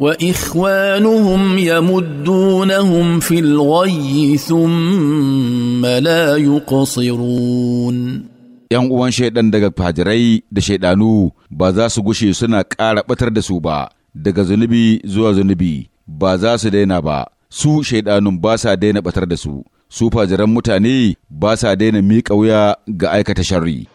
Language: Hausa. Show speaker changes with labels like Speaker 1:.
Speaker 1: وإخوانهم يمدونهم في الغي
Speaker 2: ثم لا يقصرون ‘Yan uwan shaidan daga fajirai da shaidanu ba za su gushe suna ƙara ɓatar da su ba, daga zunubi zuwa zunubi ba za su daina ba, su shaidanun ba sa daina ɓatar da su, su fajiran mutane ba sa daina miƙa wuya ga aikata sharri.